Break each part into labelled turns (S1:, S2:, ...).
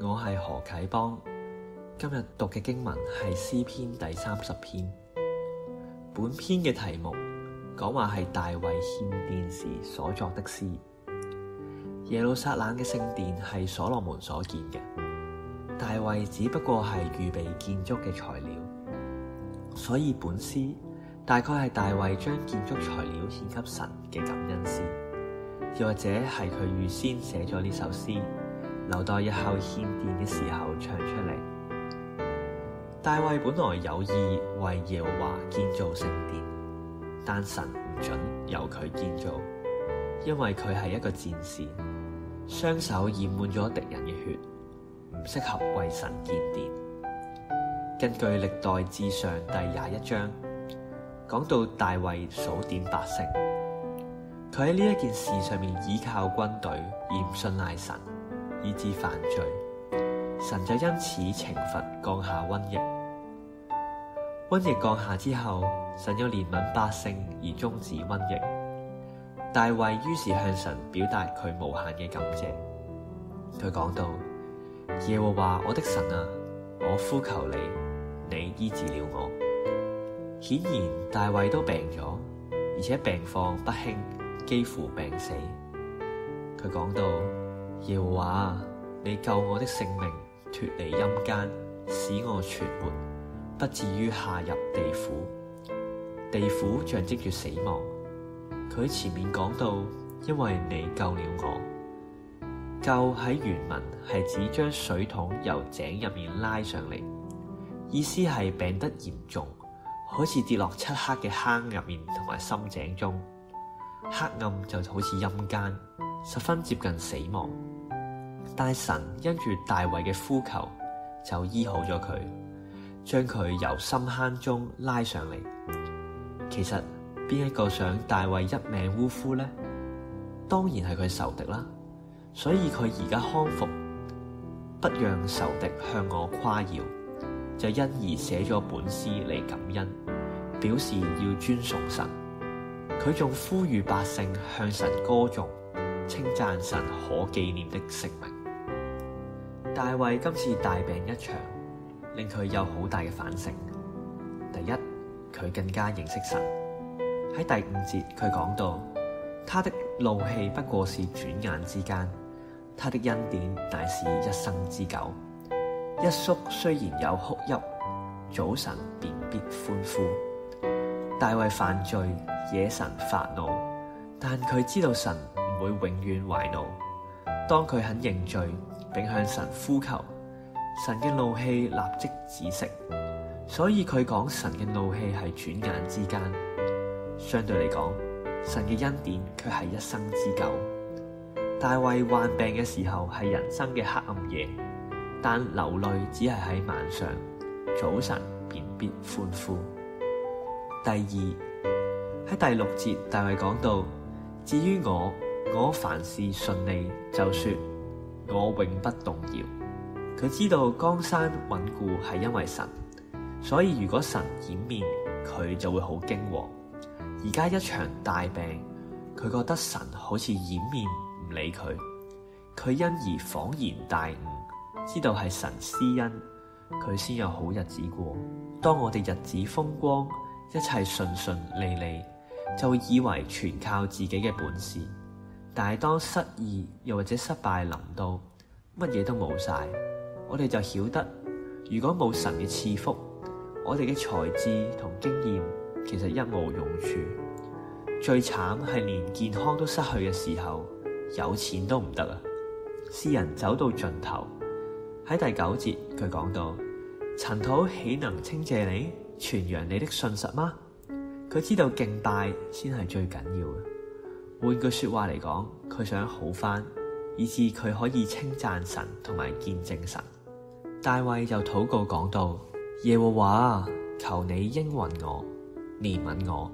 S1: 我係何啟邦，今日讀嘅經文係詩篇第三十篇。本篇嘅題目講話係大衛獻殿時所作的詩。耶路撒冷嘅聖殿係所羅門所建嘅，大衛只不過係預備建築嘅材料，所以本詩大概係大衛將建築材料獻給神嘅感恩詩，又或者係佢預先寫咗呢首詩。留待日後獻殿嘅時候唱出嚟。大衛本來有意為耶和華建造聖殿，但神唔准由佢建造，因為佢係一個戰士，雙手染滿咗敵人嘅血，唔適合為神建殿。根據《歷代志》上第廿一章，講到大衛數點百姓，佢喺呢一件事上面倚靠軍隊，而唔信賴神。以致犯罪，神就因此懲罰降下瘟疫。瘟疫降下之後，神有憐憫百姓而終止瘟疫。大衛於是向神表達佢無限嘅感謝。佢講到：耶和華我的神啊，我呼求你，你醫治了我。顯然大衛都病咗，而且病況不輕，幾乎病死。佢講到：耶和華啊，你救我的性命，脫離陰間，使我存活，不至於下入地府。地府象徵住死亡。佢前面講到，因為你救了我，救喺原文係指將水桶由井入面拉上嚟，意思係病得嚴重，好似跌落漆黑嘅坑入面同埋深井中，黑暗就好似陰間。十分接近死亡，但神因住大衛嘅呼求就醫好咗佢，將佢由深坑中拉上嚟。其實邊一個想大衛一命嗚呼呢？當然係佢仇敵啦。所以佢而家康復，不讓仇敵向我誇耀，就因而寫咗本詩嚟感恩，表示要尊崇神。佢仲呼籲百姓向神歌頌。稱讚神可紀念的聖名。大衛今次大病一場，令佢有好大嘅反省。第一，佢更加認識神。喺第五節，佢講到他的怒氣不過是轉眼之間，他的恩典乃是一生之久。一宿雖然有哭泣，早晨便必歡呼。大衛犯罪惹神發怒，但佢知道神。會永遠懷怒。當佢肯認罪，並向神呼求，神嘅怒氣立即止息。所以佢講神嘅怒氣係轉眼之間。相對嚟講，神嘅恩典卻係一生之久。大衛患病嘅時候係人生嘅黑暗夜，但流淚只係喺晚上，早晨便必歡呼。第二喺第六節，大衛講到：至於我。我凡事順利就，就說我永不動搖。佢知道江山穩固係因為神，所以如果神掩面，佢就會好驚惶。而家一場大病，佢覺得神好似掩面唔理佢，佢因而恍然大悟，知道係神施恩，佢先有好日子過。當我哋日子風光，一切順順利利，就會以為全靠自己嘅本事。但係當失意又或者失敗臨到，乜嘢都冇晒，我哋就曉得，如果冇神嘅賜福，我哋嘅才智同經驗其實一無用處。最慘係連健康都失去嘅時候，有錢都唔得啊！詩人走到盡頭，喺第九節佢講到：塵土豈能稱謝你，傳揚你的信實嗎？佢知道敬拜先係最緊要嘅。換句説話嚟講，佢想好翻，以至佢可以稱讚神同埋見證神。大衛就禱告講到：耶和華求你應允我，憐憫我。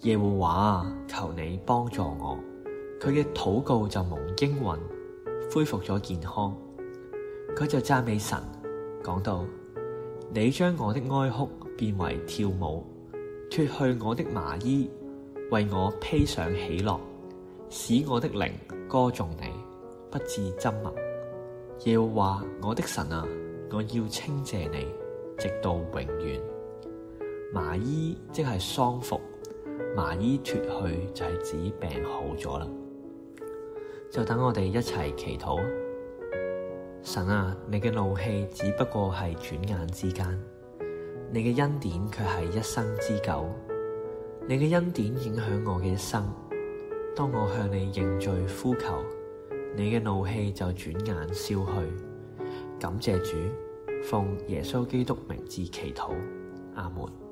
S1: 耶和華求你幫助我。佢嘅禱告就蒙應允，恢復咗健康。佢就讚美神，講到：你將我的哀哭變為跳舞，脱去我的麻衣。為我披上喜樂，使我的靈歌頌你，不致緘默。耶和華我的神啊，我要稱謝你，直到永遠。麻衣即係喪服，麻衣脱去就係指病好咗啦。就等我哋一齊祈禱啊。神啊，你嘅怒氣只不過係轉眼之間，你嘅恩典卻係一生之久。你嘅恩典影響我嘅一生，當我向你認罪呼求，你嘅怒氣就轉眼消去。感謝主，奉耶穌基督名字祈禱，阿門。